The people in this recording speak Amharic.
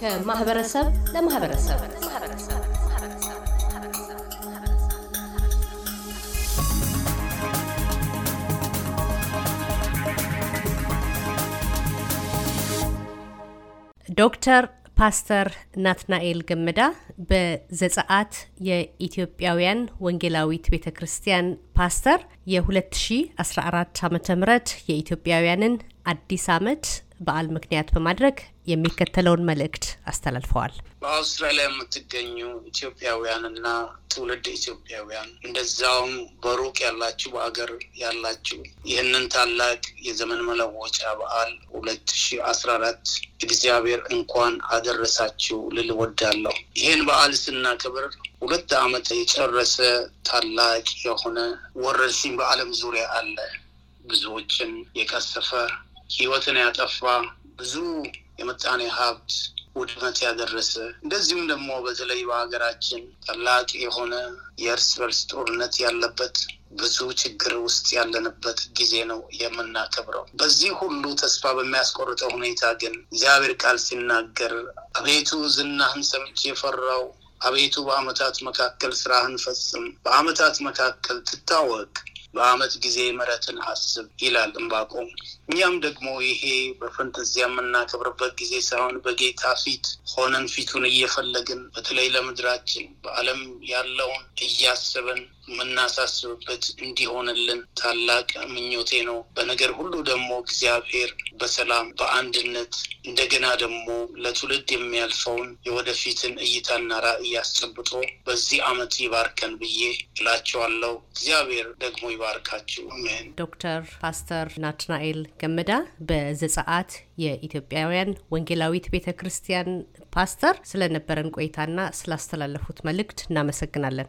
ከማህበረሰብ ለማህበረሰብ ዶክተር ፓስተር ናትናኤል ገመዳ በዘጸአት የኢትዮጵያውያን ወንጌላዊት ቤተ ክርስቲያን ፓስተር የ2014 ዓ ም የኢትዮጵያውያንን አዲስ ዓመት በዓል ምክንያት በማድረግ የሚከተለውን መልእክት አስተላልፈዋል። በአውስትራሊያ የምትገኙ ኢትዮጵያውያን እና ትውልድ ኢትዮጵያውያን እንደዛውም በሩቅ ያላችሁ በአገር ያላችሁ ይህንን ታላቅ የዘመን መለወጫ በዓል ሁለት ሺ አስራ አራት እግዚአብሔር እንኳን አደረሳችሁ ልል ይህን በዓል ስናከብር ሁለት ዓመት የጨረሰ ታላቅ የሆነ ወረርሽኝ በዓለም ዙሪያ አለ ብዙዎችን የቀሰፈ ህይወትን ያጠፋ ብዙ የምጣኔ ሀብት ውድመት ያደረሰ እንደዚሁም ደግሞ በተለይ በሀገራችን ጠላቅ የሆነ የእርስ በርስ ጦርነት ያለበት ብዙ ችግር ውስጥ ያለንበት ጊዜ ነው የምናከብረው። በዚህ ሁሉ ተስፋ በሚያስቆርጠው ሁኔታ ግን እግዚአብሔር ቃል ሲናገር አቤቱ ዝናህን ሰምቼ የፈራው አቤቱ በአመታት መካከል ስራህን ፈጽም፣ በአመታት መካከል ትታወቅ በአመት ጊዜ ምረትን አስብ ይላል ዕንባቆም። እኛም ደግሞ ይሄ በፈንጠዚያ የምናከብርበት ጊዜ ሳይሆን በጌታ ፊት ሆነን ፊቱን እየፈለግን በተለይ ለምድራችን በዓለም ያለውን እያስብን የምናሳስብበት እንዲሆንልን ታላቅ ምኞቴ ነው። በነገር ሁሉ ደግሞ እግዚአብሔር በሰላም በአንድነት እንደገና ደግሞ ለትውልድ የሚያልፈውን የወደፊትን እይታና ራዕይ አስጨብጦ በዚህ ዓመት ይባርከን ብዬ እላቸዋለሁ። እግዚአብሔር ደግሞ ይባርካችሁ። አሜን። ዶክተር ፓስተር ናትናኤል ገመዳ በዘጸአት የኢትዮጵያውያን ወንጌላዊት ቤተ ክርስቲያን ፓስተር ስለነበረን ቆይታና ስላስተላለፉት መልእክት እናመሰግናለን።